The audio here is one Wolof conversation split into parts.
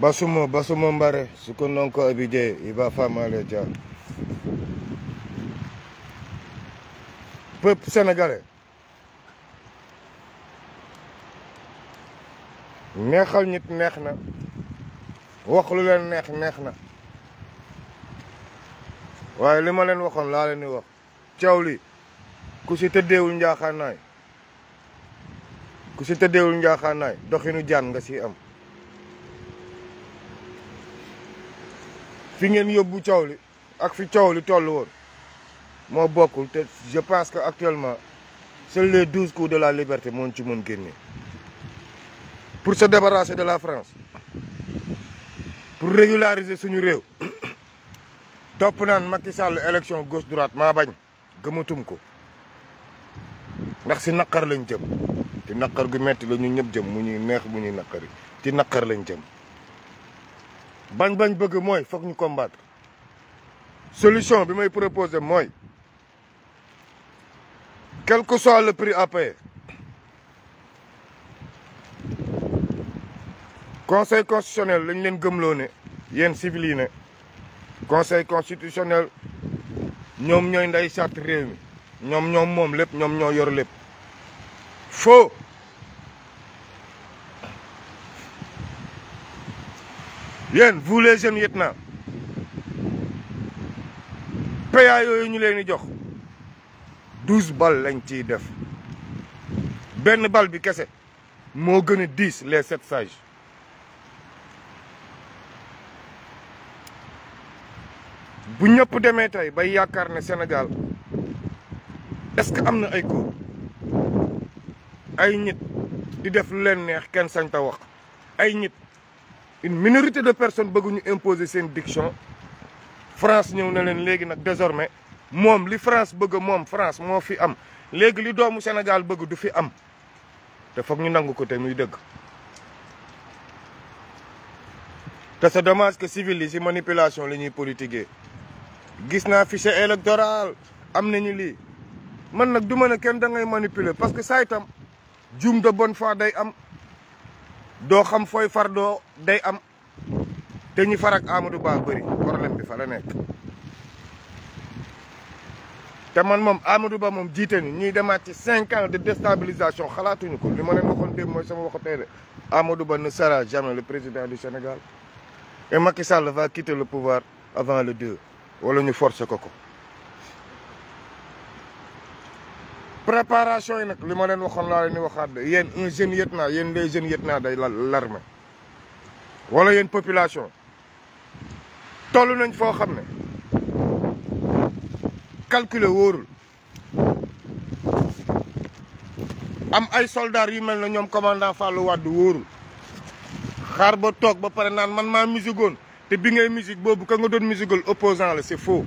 basumo basumo mbare sukundonko abidé iba famale dia peuple sénégalais neexal nit neex na wax lu leen neex neex na waaye li ma leen waxoon laa leen di wax coow li ku si tëddeewul njaaxaanaay ku si tëddeewul njaaxaanaay doxinu jaan nga si am fi ngeen yóbbu coow li ak fi coow li toll woon moo te je pense que actuellement seuls les douze coups de la liberté moo ñu ci mën génne pour se débarrasser de la France pour régulariser suñu réew topp naan Macky Sall élection gauche droite ma bañ gëmatum ko ndax si nakar lañ jëm te naqar gu metti la ñu ñëpp jëm mu ñuy neex mu ñuy naqari ci naqar lañ jëm il faut que nous que ñu combattre solution je may proposer moi quel que soit le prix à payer conseil constitutionnel lañ leen gëmloo ne civiline conseil constitutionnel ñoom ñooy nday charte nous mi ñoom ñoom moom nous ñoom yor lépp faux yéen vous les jeunes lieutenants PA yooyu ñu leen di jox douze balles lañ ciy def benn balle bi kese moo gën a diis les sept sages bu ñëpp demee tey bay yaakaar ne senegal est-ce que am na ay cour ay nit di def lu leen neex kenn sañ ta wax ay nit une minorité de personnes nous imposer ses diction France nous na leen léegi nag désormais Mom, li France veut, mom, France moo fi am léegi li doomu Sénégal bëgg du fi am te faut ñu nous ko te muy dëgg c'est dommage que civil yi ci manipulation la ñuy politiquer gis na fichier électoral am nañu li man nak du ne kenn da ngay manipuler parce que ça. itam juum de bonne foi day am il xam foy am te ñi farak Amadou Ba bari problème bi fa la nek te man Amadou Ba ans de déstabilisation ko li mo leen moy sama waxu ne sera jamais le président du Sénégal et Macky Sall va quitter le pouvoir avant le 2. wala ñu forcer préparation yi nak lima len leen la len leen di waxaat de yéen un jeune lieutenant yeen les jeunes lieutenant day l'armée wala yeen population tollu nañ fo xamné ne calculer wóorul am ay soldats yu melna ñom commandant fallu wad worul xar ba tok ba paré nan man maa musigoon té bi ngay musique bobu ka nga doon musigal opposant la c'est faux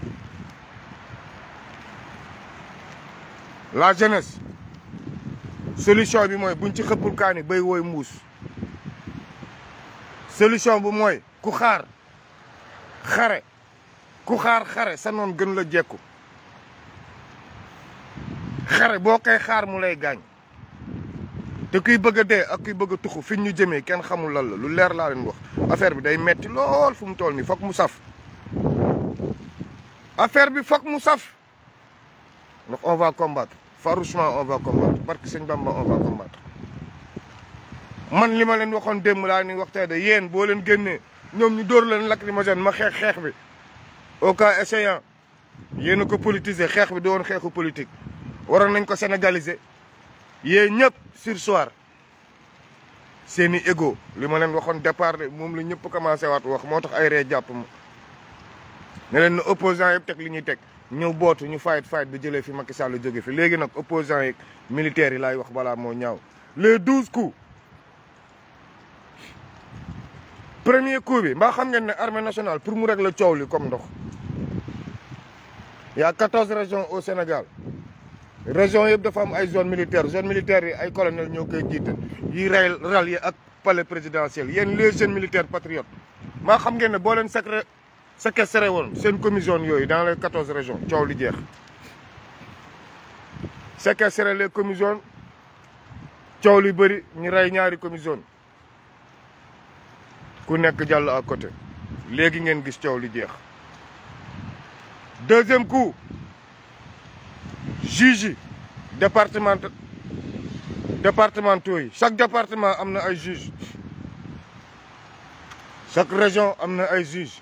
la jeunesse solution bi mooy buñ ci xëppul kaani bay woy mbuus solution bu mooy ku xaar xare ku xaar xare sa noon gën la jekku xare boo koy xaar mu lay gaañ te kuy bëgg a dee ak kuy bëgg a tuxu fi ñu jëmee kenn xamul lan la lu leer laa leen wax affaire bi day metti lool fu mu toll nii foog mu saf affaire bi foog mu saf ndax on va combattre farouchement on va combattre barke sëñ Bamba on va man li ma leen waxoon démb laa ni waxtee de yéen boo leen génnee ñoom ñu dóor leen lacrymogène ma xeex xeex bi au cas échéant yéen a ko politiser xeex bi doon xeexu politique waroon nañ ko sénégaliser yéen ñëpp sur soir seeni égo li ma leen waxoon départ de moom la ñëpp commencé waat wax moo tax ay ree jàpp ma ne leen ne opposant yëpp teg li ñuy teg Nous bootu ñu fight fayit bi jëlee fi Macky Sall opposants militaires les 12 coups premier coup je xam nationale pour mu régler le comme y a 14 régions au Sénégal région régions dafa am zone militaire zone militaire militaires ay colonel ñoo sont yi palais présidentiel les jeunes militaires patriotes Je xam ngeen sacré c'est une commission dans les 14 régions C'est li séquestré les commission coow li ñu commission ku à côté gis deuxième coup juge département département, chaque département a un juge chaque région a un juge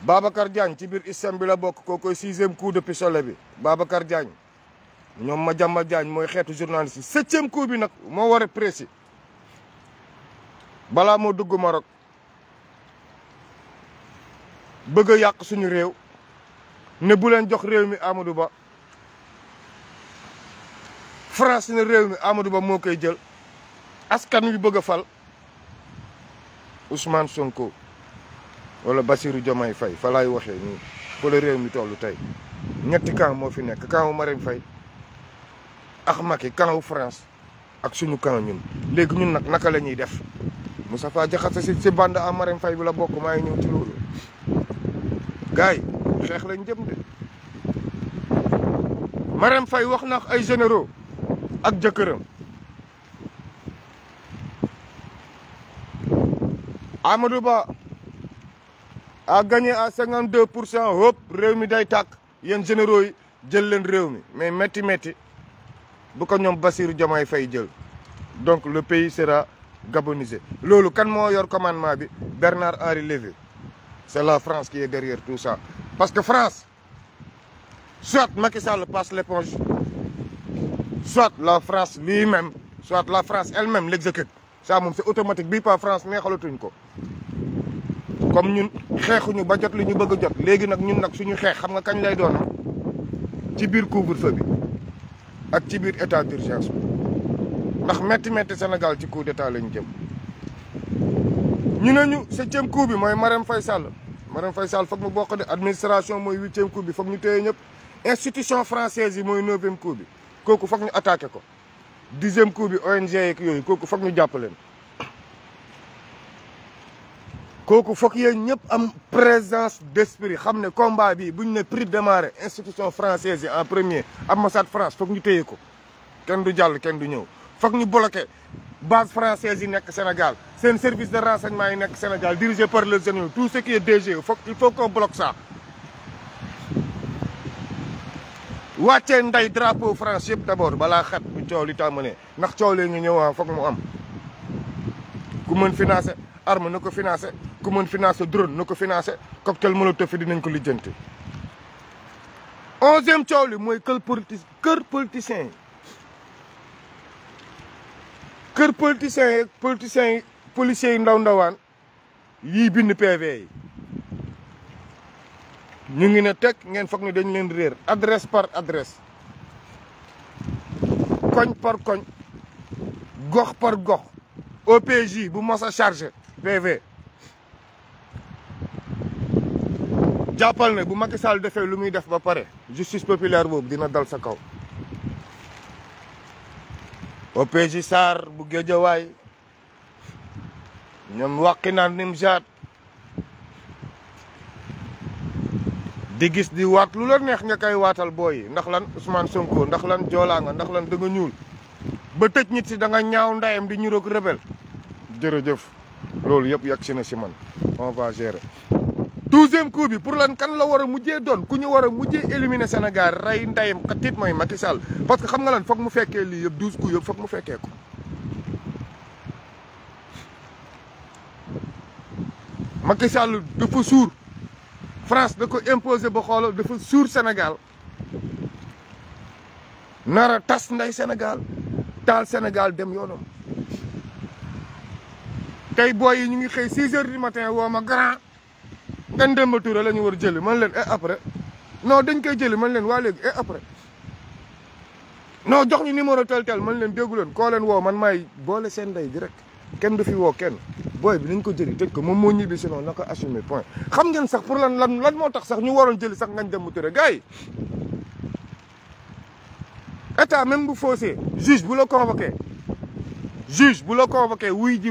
Babacar Diagne ci biir ISEM bi la bokk koo koy sixième coup de pistolet bi Babacar Diagne ñoom Madiambal Diagne mooy xeetu journaliste yi septième coup bi nag moo war a précis balaa moo dugg Maroc bëgg a yàq suñu réew ne bu leen jox réew mi Amadou Ba France ne réew mi Amadou Ba moo koy jël askan wi bëgg a fal Ousmane Sonko. wala basiiru Diomaye Faye fa laay waxee nii fa la réew mi toll tey ñetti camp moo fi nekk camp wu Marème Faye ak Macky camp wu France ak suñu camp ñun léegi ñun nag naka la ñuy def Moustapha Diakhaté si si bande à Marème Faye bi la bokk maa ngi ñëw ci loolu gars xeex lañ jëm de Marème Faye wax na ay généro ak jëkkëram Amadou Ba a gagné à 52 pour cent hop réew day tak généraux yi djel mais metti metti bu ko ñom Bassirou Diomaye fay djel donc le pays sera gabonisé lolu kan mo yor commandement bi Bernard Henri Lévy c'est la France qui est derrière tout ça parce que France soit Macky Sall passe l'éponge soit la France lui-même soit la France elle-même l'exécute ça c'est automatique bi pas France mais xalatuñ ko comme ñun xeexuñu ba jot li ñu bëgg a jot léegi nag ñun nag suñu xeex xam nga kañ lay doon ci biir couvre-feu bi ak ci biir état d'urgence bi ndax métti métti Sénégal ci coup d'état ñu jëm. ñu ne ñu septième coup bi mooy Marème Faye Sall Marème Faye Sall foog mu bokk de administration mooy huitième coup bi foog ñu téye ñëpp institution française yi mooy neuvième coup bi kooku foog ñu attaqué ko dixième coup bi ONG yeeg yooyu kooku foog ñu jàpp leen kooku foog yéen ñëpp am présence d'esprit, esprit xam combat, combat bi buñ ne de marée. institution française en premier ambassade France foog ñu nous ko kenn du jàll kenn du ñëw foog ñu bloqué base française yi nekk Sénégal un service de renseignement yi nekk Sénégal dirigé par le Sénégal. tout ce qui est DG il faut qu'on bloque ça wàccee nday drapeau France d'abord, d' abord balaa xat bu coow li tàmbalee ndax coow lee ñu ñëw ah, foog mu am ku mën financer arme na ko financé ku mën financé drone na ko financé cocktail molotov fi dinañ ko lijjanti. onzième coow li mooy kër politi kër politiciens yi kër politiciens yi politiciens yi policiers yi ndaw ndawaan yii bind PV yi ñu ngi ne teg ngeen foog ne dañ leen réer adresse par adresse koñ par koñ gox par gox OPJ bu mos a chargé PV jappal ne bu Macky Sall defé lu muy def ba paré justice populaire boobu dina dal sa kaw OPJ sar bu way ñom waqi nan nim jaat di gis di wat lu la neex nga kay watal boy ndax lan Ousmane Sonko ndax lan Jola nga ndax lan da nga ñuul ba tecc nit si da nga ñaaw ndayam di ñu rebel jërëjëf loolu yëpp yegg si na si man on va gérer. douzième coup bi pour lan kan la war a mujjee doon ku ñu war a mujjee éliminer Sénégal rey ndeyam xatit mooy Macky parce que xam nga lan foog mu fekkee lii yëpp douze coups yëpp foog mu fekkee ko. Macky dafa suur France da ko imposé ba xoolal dafa suur Sénégal nara tas nday Sénégal taal Sénégal dem yoonam. tey booy yi ñu ngi xëy 6 heures du matin woo ma grand gan Demba Touré la ñu war jëli man leen et eh, après non dañ koy jëli man leen waa léegi et eh, après noo jox ñu numéro tel tel man leen déggu leen koo leen woo man may boole seen ndey direct kenn du fi woo kenn booy bi nañ ko jëli tëj ko moom moo ñibbi sinon na ko assumé point xam ngeen sax pour lan lan lan moo tax sax ñu waroon jëli sax ngañ Demba Touré gars yi état bu faussé juge bu la convoqué juge bu la convoqué wuy ji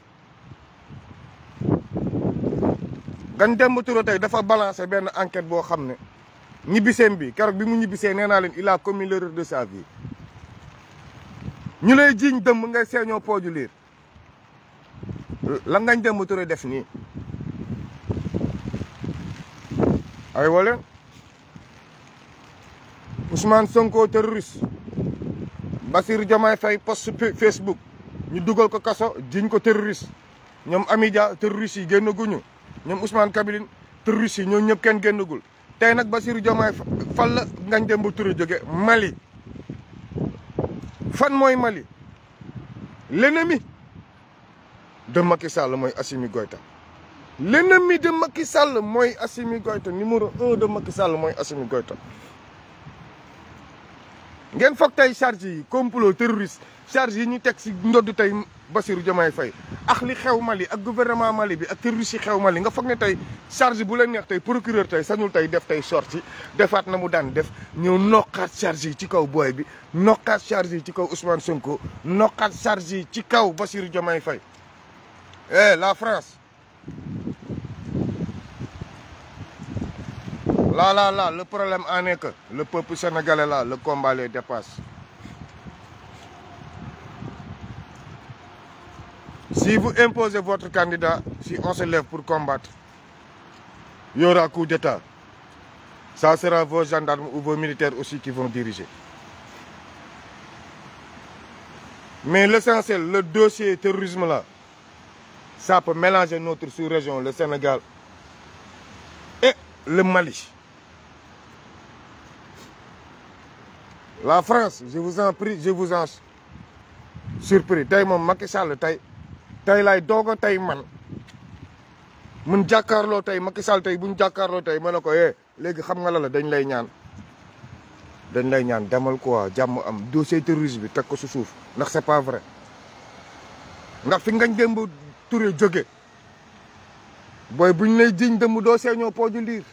kan dem Touré tay dafa balancer ben enquête bo xamne ne ñibbiseem bi kérok bi mu ñibbisee nee naa leen il a commis l'erreur de sa vie ñu lay jiiñ dëmb ngay seeñoo pooju lire la ngañ dem Touré def ni ay wala Ousmane Sonko terroriste Basir Diomaye fay post Facebook ñu dugal ko kasso jiñ ko terroriste ñom Amidia terroriste yi gennu guñu ñoom Ousmane Kabiline terroriste yi ñoo ñëpp kenn génnagul tey nag Bassirou Diomaye fan la Ngagne Demba Touré jóge Mali fan mooy Mali l'ennemi de Macky Sall mooy Assimi Goïta l'ennemi de Macky Sall mooy Assimi Goïta numéro un de Macky Sall mooy Assimi Goïta ngeen foog tey charge yi complot terroriste charge yi ñu teg si ndodd tey Bassirou Diomaye fay ak li xew Mali ak gouvernement Mali bi ak terroriste xew Mali nga foog ne tey charge bu la neex tay procureur tay sañul tay def tay sorti defat na mu daan def ñeu nokkat charge ci kaw boy bi nokkat charge ci kaw Ousmane Sonko nokkat charge ci kaw Bassirou fay eh la France la la la, le problème en est que le peuple sénégalais là le combat les dépasse Si vous imposez votre candidat, si on se lève pour combattre, il y aura coup d'État. Ça sera vos gendarmes ou vos militaires aussi qui vont diriger. Mais l'essentiel, le dossier terrorisme-là, ça peut mélanger notre sous-région, le Sénégal et le Mali. La France, je vous en prie, je vous en surpris. Taï, Macky tey laay doog a tey man mun jàkkaarloo tey Macky Sall tey buñ jàkkaarloo tey ma ne ko yee eh, léegi xam nga la la dañ lay ñaan dañ lay ñaan demal quoi jàmm am dossier terrorisme bi teg ko su suuf ndax c'est pas vrai ndax fi ngañ démb Touré jóge booy buñ lay jiñ dëmm doo seeñoo pooju liir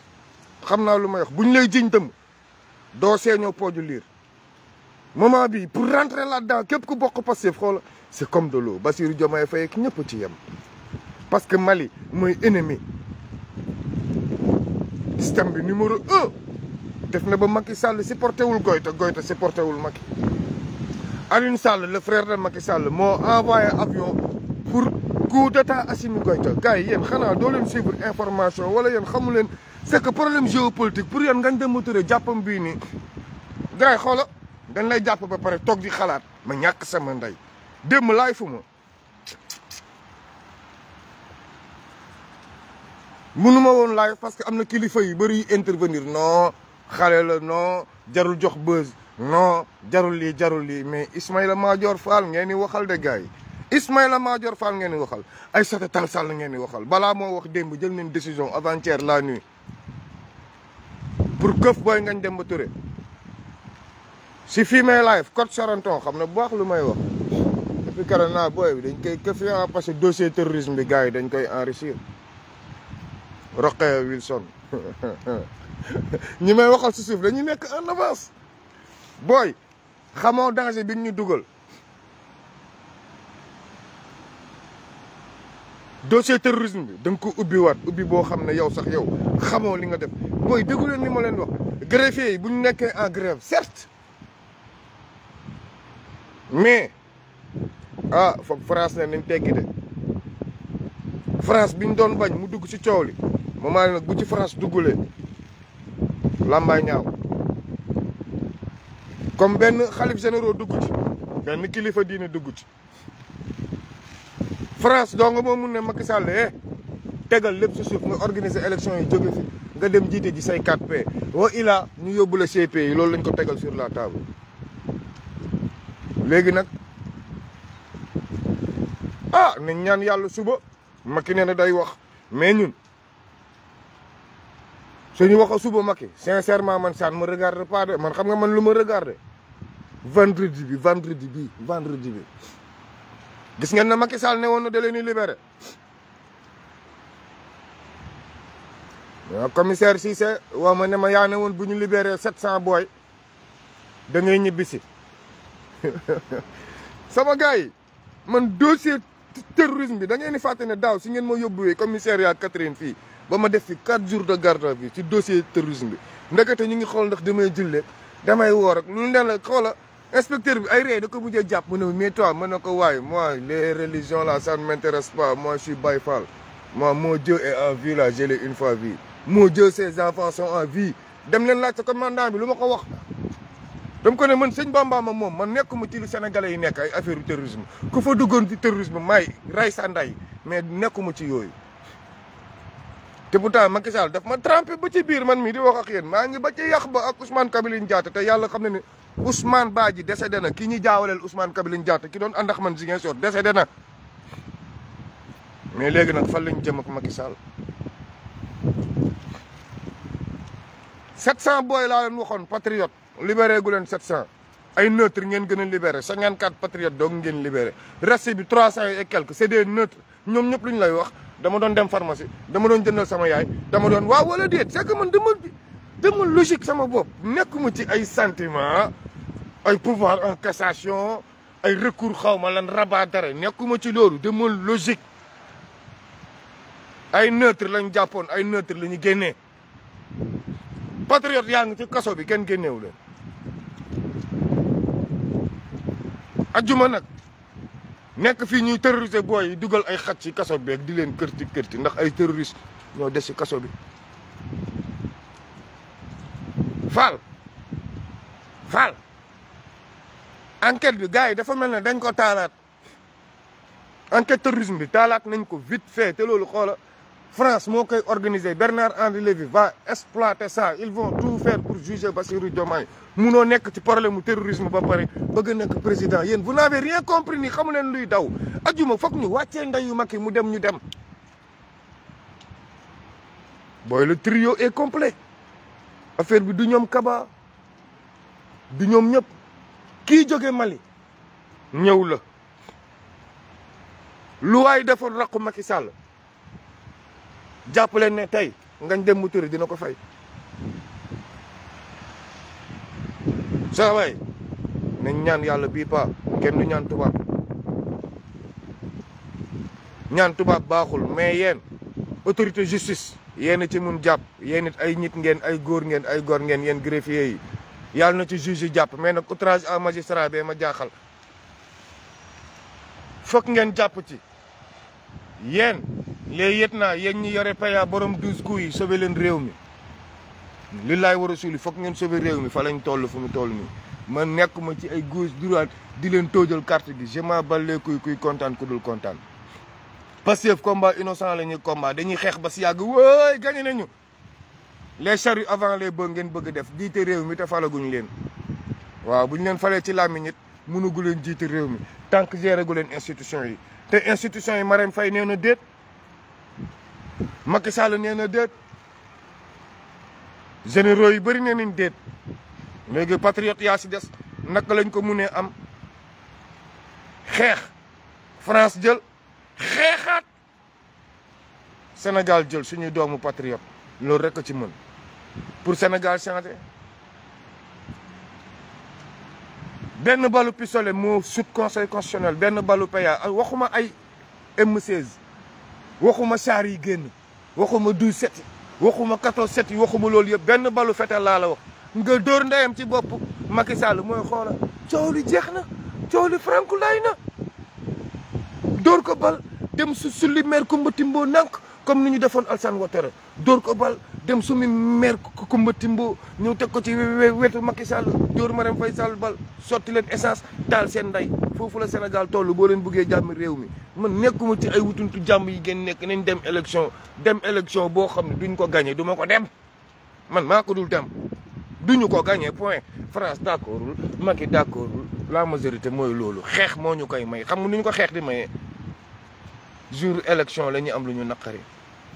xam naa lu ma wax buñ lay jiñ dëmm doo seeñoo pooju liir Maman, bi pour rentrer là-dedans képp ku bokk Pastef xool c'est comme de l'eau Bassirou Diomaye Faye ak ñëpp ci yem parce que Mali mooy ennemi système bi numéro 1. def na ba Macky Sall supporté wul Goyta Goyta supporté wul Macky Alioune Sall le frère de Macky Sall moo envoyé avion pour coup d'état Assimi Goïta gars yi yéen xanaa doo leen suivre information wala yéen xamu leen c'est que problème géopolitique pour yéen Ngagne Demba Touré jàppam bii nii gars yi xoola dañ lay jàpp ba pare toog di xalaat ma ñàkk sama ndey démb laay fu ma ma woon laay parce que am na kilifa yu bari intervenir non xale la non jarul jox bës non jarul lii jarul lii mais Ismaïla Madior Fall ngeen di waxal de gars yi Ismaïla Madior Fall ngeen di waxal Aïssata Tall Sall ngeen di waxal balaa moo wax démb jël nañ décision avant-hier la nuit pour këf booy ngañ dem ba Touré si fii may live code Charenton xam na bu baax lu may wax depuis keroog naa booy bi dañ koy këfia parce que dossier terrorisme bi gars yi dañ koy enrichir Roqe Wilson ñi may waxal si suuf dañuy nekk en avance booy xamoo danger bi ñu dugal dossier terrorisme bi da nga ko ubbi waat ubbi boo xam ne yow sax yow xamoo li nga def booy déglu leen ni ma leen wax greffier yi bu ñu nekkee en grève certes mais ah France ne nañ teggi de France bi ñu doon bañ mu dugg ci coow li moment nag bu ci France duggulee làmbaay ñaaw comme benn xalif généraux dugg ci benn kilifa diine dugg ci France doo nga moo mun ne Macky Sall eh tegal lépp si suuf nga organiser élection yi jóge fi nga dem jiite ji say 4P wa ilaa ñu yóbbu la CPI loolu lañ ko tegal sur la table léegi nag ah nañ ñaan yàlla suba Macky nee na day wax mais ñun suñu wax a suba Macky sincèrement man saan ma regarde pas de man xam nga man lu ma regarde vendredi bi vendredi bi vendredi bi gis ngeen na Macky Sall ne woon na da leen di libéré waaw ah, commissaire waa ma ne ma yaa woon bu ñu libere sept cent booy da ngay ñibbisi sama gars yi man dossier terrorisme bi da ngeen di fàtte ne daaw si ngeen ma yóbbuwee commissariat Catherine fii ba ma def fi quatre jours de garde à vue ci dossier terrorisme bi ndekete ñu ngi xool ndax damay julle damay woor ak lu ne la xoola inspecteur bi ay ree da ko mujjee jàpp mu ne mais toi mën na ko waaye moi les religions la ça ne m'intéresse pas moi je suis Baye Fall moi en vie là je l'ai une fois moo jë Dieu ses enfants sont en vie dem leen laaj sa commandant bi lu ma ko wax dama ko ne man sëñ Bamba ma moom man nekkuma ci li sénégalais yi nekk ay affaire terrorisme ku fa duggoon ci terrorisme may ray sa nday mais nekkuma ci yooyu te pourtant Macky Sall daf ma trempé ba ci biir man mii di wax ak yéen maa ngi ba ci yàq ba ak Ousmane Kabiline Diatta te yàlla xam ne ni ne Ousmane Badji décédé na ki ñu jaawaleel Ousmane Kabiline jaata ki doon ànd ak man Ziguinchor décédé na mais léegi nag fan lañ jëm ak Macky Sall 700 booy laa leen waxoon patriote libéré gu leen 700 ay neutre ngeen gëna libéré 54 patriotes dog ngeen libéré reste bi 300 et quelques c'est des neutres ñom ñep luñ lay wax dama doon dem pharmacie dama doon jëndal sama yaay dama doon wa wala déet c'est que man demul demul logique sama bop nekkuma ci ay sentiment ay pouvoir en cassation ay recours xawma lan rabat dara nekkuma ci lolu demul logique ay neutre lañ jàppoon ay neutre lañu ñu génnee patriote yaa ci kasso bi kenn génneewu leen ajjuma nag nekk fii ñuy terroriser booy yi dugal ay xaj ci kaso beeg di leen kërti kërti ndax ay terroriste ñoo des ci kaso bi Fall Fall enquête bi gars yi dafa mel ne dañ ko taalaat enquête terrorisme bi taalaat nañ ko vite fait te loolu xoola France moi qui organisé Bernard Henri Lévy va exploiter ça ils vont tout faire pour juger Bassirou Diomaye munoo nekk ci problème de terrorisme ba pare bëgg nekk président vous n'avez rien compris ni xamu leen luy daw ajuma foog ñu wàccee ndeyu Macky mu dem ñu dem booy le trio est complet affaire bi du ñoom Kaba du ñoom qui kii jóge Mali ñëw la lu waay defoon raqu Macky Sall jappelen ne tay ngañ dem mu turi dina ko fay saa waay ñaan yalla bi pa kenn du ñaan tuba ñaan tuba baxul mais yeen autorité justice yeen ci mun japp yeen nit ay nit ngeen ay góor ngeen ay gor ngeen yeen greffier yi yalla na ci juge japp mais nak outrage à magistrat be ma jaxal fokk ngeen japp ci yeen léegi yet naa yéen ñi yore paya borom douze ku yi sobe leen réew mi li laay war a suuli foog ngeen sobe réew mi fa lañ toll fu mu toll nii ma nekk ma ci ay gauche droite di leen tóojal carte gi je m'en bats kuy kontaan ku dul kontaan. Pastef combat innocent la ñuy combat dañuy xeex ba si yàgg wooy gagné ñu les charrues avant les bœufs ngeen bëgg def jiite réew mi te falaguñ leen waaw bu ñu leen falee ci làmmiñ it mënugu leen jiite réew mi tant que géré gu leen institution yi te institution yi Marème Faye nee na déet. Macky Sall nee na déet généraux yu bëri nee nañ déet léegi patriote yaa si des naka lañ ko munee am xeex France jël xeexaat Sénégal jël suñuy doomu patriote loolu rek a ci mën pour Sénégal changer benn balu pistolet moo sut conseil constitutionnel benn balu PEA waxuma ay m waxuma saar yi génn waxuma douze sept yi waxuma quatorze sept waxuma loolu yëpp benn balu fetal laa la nga dóor ndeyam ci bopp Macky Sall mooy xoola coow li jeex na coow li franku lay na dóor ko bal dem su sulli maire Koumba timboo nank comme ni ñu defoon Alassane Ouattara dóor ko bal dem sumi maire Koumba timboo ñëw teg ko ci wetu Macky Sall dóor Marème Faye Sall bal sotti leen essence taal seen ndey foofu la Sénégal tollu boo leen buggee jàmm réew mi man nekkuma ci ay wutuntu jàmm yi ngeen nekk nañu dem élection dem élection boo xam ne duñ ko gagné du ma ko dem man maa ko dul dem duñu ko gañee point France d'accordul Macky d'accordul la majorité mooy loolu xeex moo ñu koy may xam nuñ ko xeex di may jour élection la ñu am lu ñu naqari.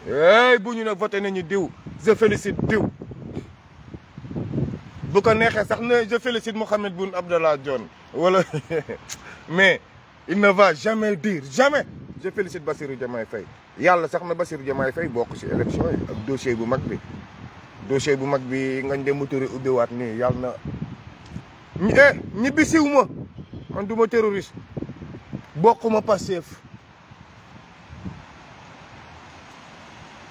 hey bu ñu ne voté nañu diw je félicite diw. bu ko neexee sax ne je félicite Mohamed Boun Abdallah Dionne wala mais il ne va jamais dire jamais je félicite Bassirou Diomaye Faye Yalla sax na Bassirou Diomaye Faye bokk ci élection yi ak dossier bu mag bi dossier bu mag bi ngañ dem motori wat ni yalla na ñi eh ñibbi siw ma man du terroriste bokkuma Pastef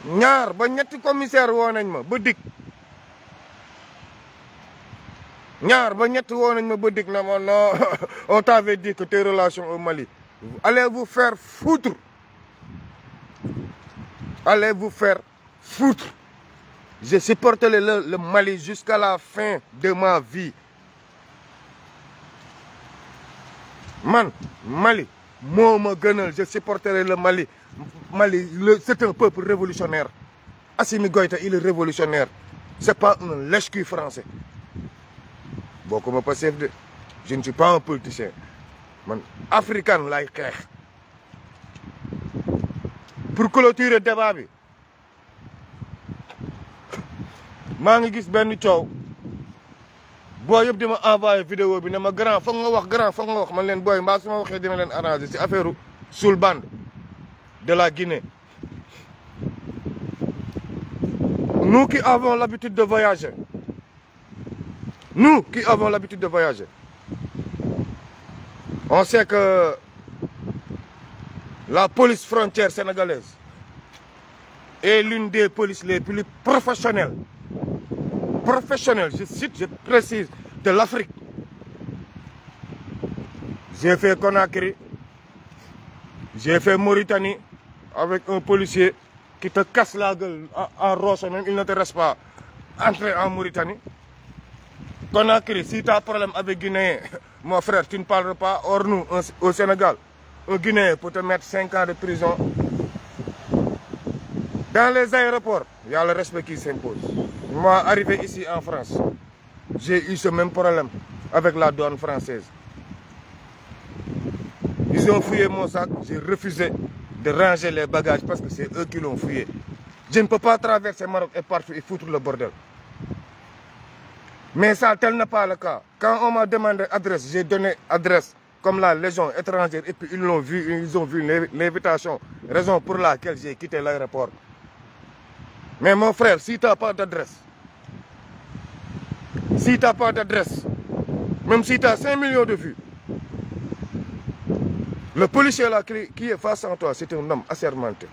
ñaar ba ñetti commissaire wo nañ ma ba dik on t'avait dit que tes relations au Mali allez vous faire foutre allez vous faire foutre Je supporterai le, Mali jusqu'à la fin de ma vie man Mali moi je supporterai le Mali Mali c'est un peuple révolutionnaire Assimi Goïta il est révolutionnaire c'est pas un lèche-cul français bokkuma Pastef de je ne suis pas un politicien man africain lay xeex pour clôturer le débat bi maa ngi gis benn coow boo yëpp di ma vidéo bi ne ma grand foog nga wax grand foog nga wax man leen booy mbaa su ma waxee dina leen arrangé si affaire Soul Band de la Guinée nous qui avons l'habitude de voyager nous qui avons l'habitude de voyager, on sait que la police frontière sénégalaise est l'une des polices les plus professionnelles. Professionnelles, je cite, je précise, de l'Afrique. J'ai fait Conakry, j'ai fait Mauritanie avec un policier qui te casse la gueule en, roche, il ne reste pas. Entrer en Mauritanie. Conakry, si tu as un problème avec Guinéen, mon frère, tu ne parles pas. hors nous, au Sénégal, au Guinéen pour te mettre 5 ans de prison. Dans les aéroports, il y a le respect qui s'impose. Moi, arrivé ici en France, j'ai eu ce même problème avec la douane française. Ils ont fouillé mon sac, j'ai refusé de ranger les bagages parce que c'est eux qui l'ont fouillé. Je ne peux pas traverser Maroc et partout et foutre le bordel. Mais ça, tel n'est pas le cas. Quand on m'a demandé adresse, j'ai donné adresse comme la légion étrangère. Et puis ils l'ont vu, ils ont vu l'invitation. Raison pour laquelle j'ai quitté l'aéroport. Mais mon frère, si tu n'as pas d'adresse, si tu n'as pas d'adresse, même si tu as 5 millions de vues, le policier là qui est face à toi, c'est un homme assermenté.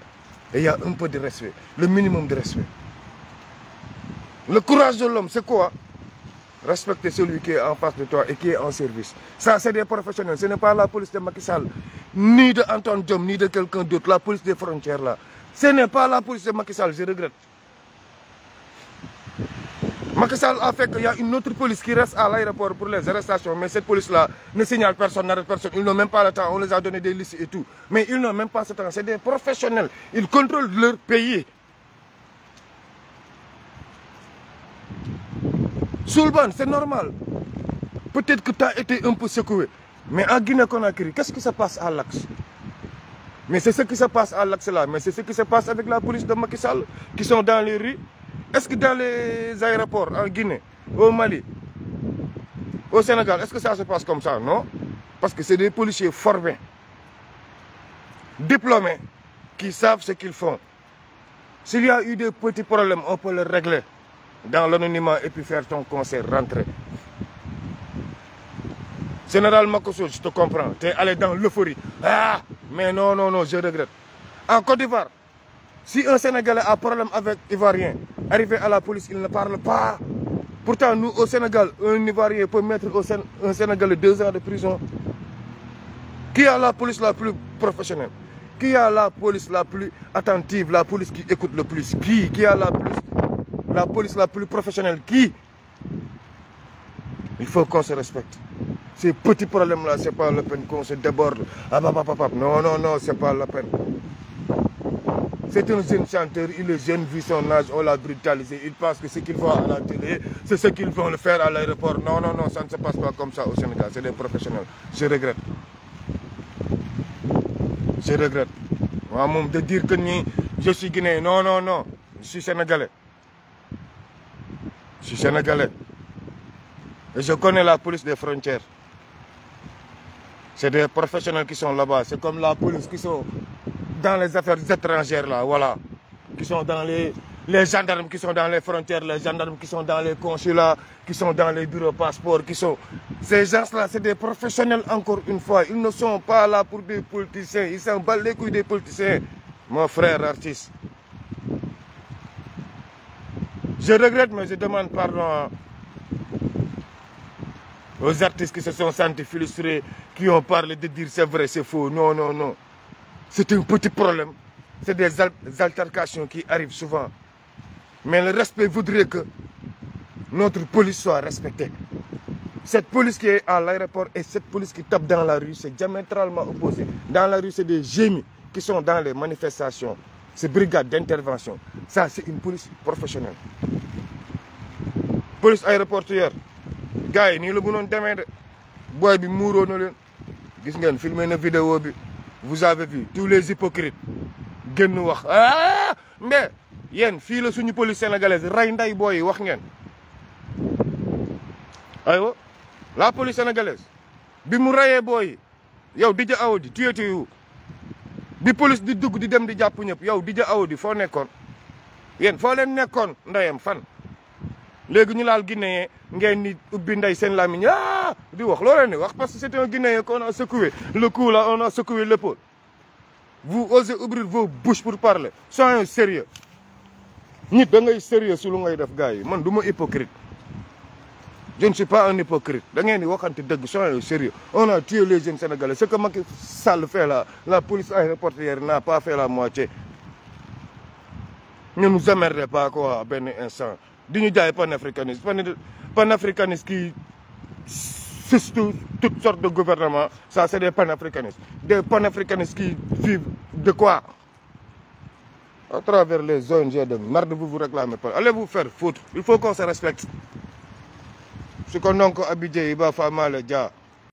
Et il y a un peu de respect, le minimum de respect. Le courage de l'homme, c'est quoi respecter celui qui est en face de toi et qui est en service. Ça, c'est des professionnels. Ce n'est pas la police de Macky Sall, ni de Antoine Diom, ni de quelqu'un d'autre. La police des frontières, là. Ce n'est pas la police de Macky Sall, je regrette. Macky Sall a fait qu'il y a une autre police qui reste à l'aéroport pour les arrestations. Mais cette police-là ne signale personne, n'arrête personne. Ils n'ont même pas le temps. On les a donné des listes et tout. Mais ils n'ont même pas ce temps. C'est des professionnels. Ils contrôlent leur pays. Soulban, c'est normal. Peut-être que tu as été un peu secoué. Mais en Guinée-Conakry, qu'est-ce qui se passe à l'axe Mais c'est ce qui se passe à l'axe là. Mais c'est ce qui se passe avec la police de Macky Sall qui sont dans les rues. Est-ce que dans les aéroports en Guinée, au Mali, au Sénégal, est-ce que ça se passe comme ça Non. Parce que c'est des policiers formés, diplômés, qui savent ce qu'ils font. S'il y a eu des petits problèmes, on peut les régler dans l'anonymat et puis faire ton concert, rentrer. Général Makoso je te comprends, tu es allé dans l'euphorie. Ah, mais non, non, non, je regrette. En Côte d'Ivoire, si un Sénégalais a problème avec Ivoirien, arrivé à la police, il ne parle pas. Pourtant, nous, au Sénégal, un Ivoirien peut mettre au Sénégal un Sénégalais deux ans de prison. Qui a la police la plus professionnelle Qui a la police la plus attentive La police qui écoute le plus Qui Qui a la police la police la plus professionnelle qui Il faut qu'on se respecte. Ces petits problèmes-là, c'est pas la peine qu'on se déborde. Ah, non, non, non, c'est pas la peine. C'est un jeune chanteur, il est jeune, vu son âge, on l'a brutalisé. Il pense que ce qu'il voit à la télé, c'est ce qu'il vont le faire à l'aéroport. Non, non, non, ça ne se passe pas comme ça au Sénégal. C'est des professionnels. Je regrette. Je regrette. De dire que je suis Guinéen, non, non, non. Je suis Sénégalais. Je suis sénégalais. Et je connais la police des frontières. C'est des professionnels qui sont là-bas. C'est comme la police qui sont dans les affaires étrangères, là, voilà. Qui sont dans les, les gendarmes qui sont dans les frontières, les gendarmes qui sont dans les consulats, qui sont dans les bureaux passeports, qui sont... Ces gens-là, c'est des professionnels, encore une fois. Ils ne sont pas là pour des politiciens. Ils s'en battent les couilles des politiciens. Mon frère artiste, je regrette, mais je demande pardon aux artistes qui se sont sentis frustrés, qui ont parlé de dire c'est vrai, c'est faux. Non, non, non. C'est un petit problème. C'est des altercations qui arrivent souvent. Mais le respect voudrait que notre police soit respectée. Cette police qui est à l'aéroport et cette police qui tape dans la rue, c'est diamétralement opposé. Dans la rue, c'est des génies qui sont dans les manifestations. Ces brigades d'intervention. Ça, c'est une police professionnelle. Police aéroportière. gars ni le la de merde. Boy, bi mouro no len. gis ngeen filmé na vidéo bi vous avez vu tous les hypocrites Genn wax ah mais yen fi la suñu police sénégalaise ray nday boy wax ngeen. Ayo. la police sénégalaise bi mu rayé boy. yow DJ Awadi tuuti wu bi police di dugg di dem di japp ñep. yow DJ Awadi fo nekkoon. Bien, foo leen nekkoon ndayam fan légui ñu laal guinéen ngeen ni ubbi nday sen lamine ah di wax loo leen wax parce que c'est un guinéen qu'on a secoué le cou là on a secoué l'épaule vous osez ouvrir vos bouches pour parler soyez sérieux nit da ngay sérieux su lu ngay def gars yi man duma hypocrite je ne suis pas un hypocrite da ngeen soyez sérieux on a tué les jeunes sénégalais ce que Macky Sall fait là la police aéroportière n'a pas fait la moitié ne nous aimerait pas quoi, ben instant. Dignité panafricanistes. panafricaniste. Panafricanistes qui sustent toutes sortes de gouvernements, ça c'est des panafricanistes. Des panafricanistes qui vivent de quoi À travers les ONG de merde, vous vous réclamez pas. Allez vous faire foutre, il faut qu'on se respecte. Ce qu'on a encore habité, il va faire mal, déjà.